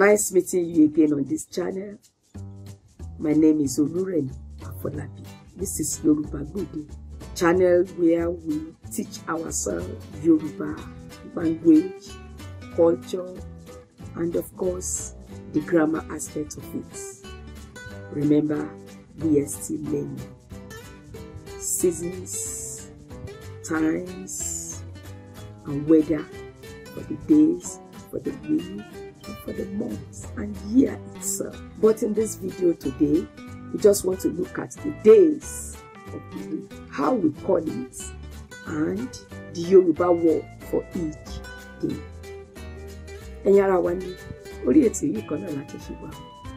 Nice meeting you again on this channel. My name is Oluremi Afolabi. This is Yoruba Gudi, channel where we teach ourselves Yoruba language, culture, and of course, the grammar aspect of it. Remember, we are still learning. Seasons, times, and weather for the days, for the week, and for the months and year itself. But in this video today, we just want to look at the days of the week, how we call it, and the Yoruba word for each day. Ẹ̀yin wani, wa ní orí ètò yìí kan náà láti fi wá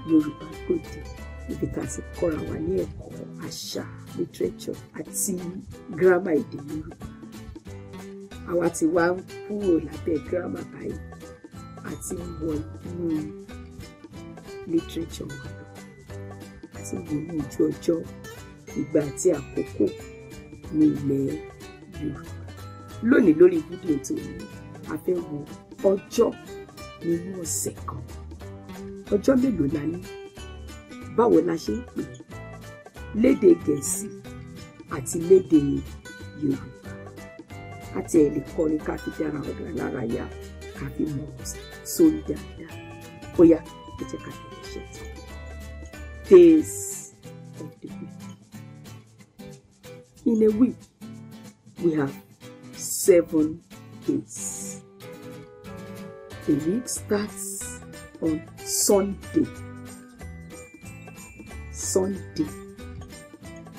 Yorùbá Gbòde níbi tá a ti kọ́ra wa literature ati, grammar, èdè Yorùbá. Àwa ti wá ń kúrò lábẹ́ gírámà àti wọ inú literature wa lọ àti wọ inú ojú ọjọ́ ìgbà àti àkókò ní ilẹ̀ Yorùbá lónìí lórí fídíò tó ní a fẹ́ wo ọjọ́ nínú ọ̀sẹ̀ kan ọjọ́ mélòó la ní báwo la ṣe ń pè lédè gẹ̀ẹ́sì àti lédè Yorùbá àti ẹ̀ lè kọrin ká fi dára ọ̀gá lára yá káfí mọ̀ sórí dáadáa bóyá ẹ jẹ́ ká tẹ̀lé iṣẹ́ tí of the week in a week we have seven days the week starts on Sunday Sunday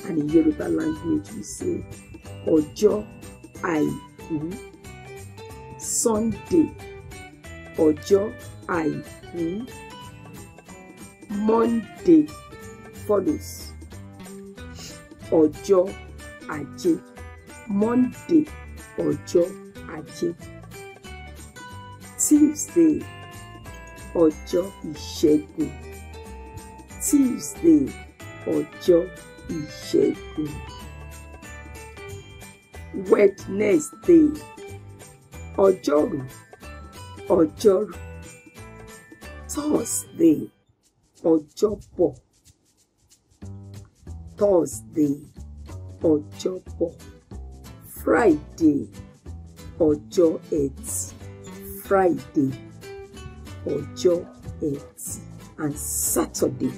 and in Yoruba language we say ọjọ́ àìkú. Sunday ọjọ́ àìkú Monday follows ọjọ́ ajé Monday ọjọ́ ajé Tuesday ọjọ́ ìṣẹ́gun Tuesday ọjọ́ ìṣẹ́gun Wednesday ọjọ́rú ọjọ́rú thursday ọjọ́bọ̀ thursday ọjọ́bọ̀ friday ọjọ́ ẹtì friday ọjọ́ ẹtì and saturday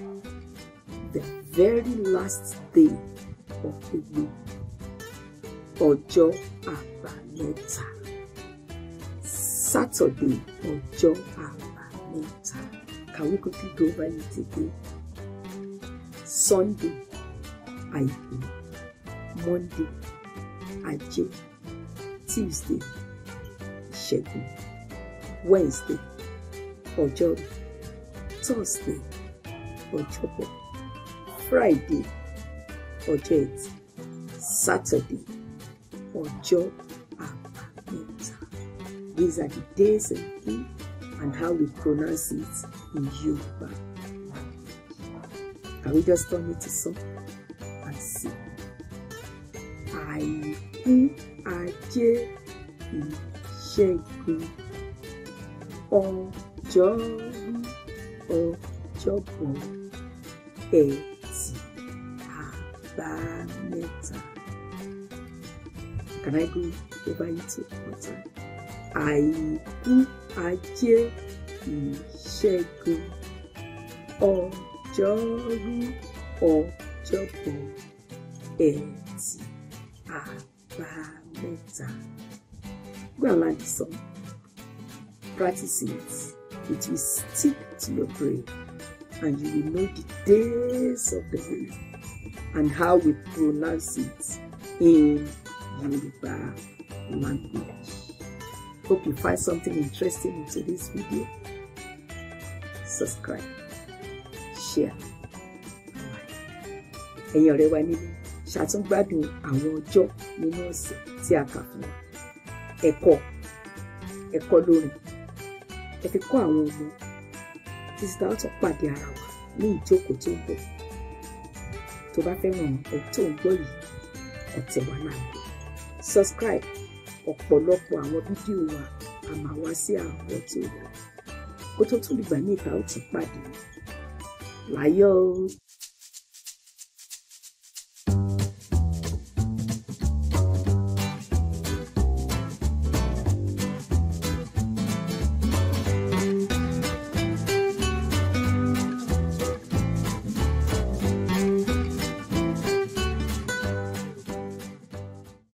the very last day of the week ọjọ́ àbámẹ́ta. Saturday ọjọ́ àbámẹ́ta kàwé kó tí tó báyìí ti dé Sunday àìkú Monday ajé Tuesday ìṣẹ́gun Wednesday ọjọ́rú Thursday ọjọ́bọ̀ Friday ọjọ́ ẹtì Saturday ọjọ́ These are the days of He and how we pronounce it in Yoruba. Can we just turn it to song and see? Àìkú ajé ìṣẹ́gun ọjọ́rú ọjọ́bọ̀ ẹtì àbámẹ́ta. Can I go over it one time? àìkú ajé ìṣẹ́gun ọjọ́rú ọjọ́bọ̀ ẹtì àbámẹ́ta. Go and learn this song. Practice it. It will stick to your brain and you will know the days of the week and how we pronounce it in Yoruba language. Hope you find something interesting into this video. Subscribe, share, ẹ̀yin ọ̀rẹ́ wa nílé ṣàtúngbádùn àwọn ọjọ́ nínú ọ̀sẹ̀ tí a kà fún ẹ̀kọ́ ẹ̀kọ́ lórí ẹ fi kọ́ àwọn ọmọ títí tá a tún pàdé ara wa ní ìjókòó tó ń bọ̀ tó bá fẹ́ràn ẹ̀ tó ń gbọ́ yìí ọ̀tẹ̀ wa náà subscribe ọ̀pọ̀lọpọ̀ àwọn fídíò wa a máa wá sí àwọn tó yẹ kó tó tún dìgbà ní ìta ó tún pàdé láyọ̀.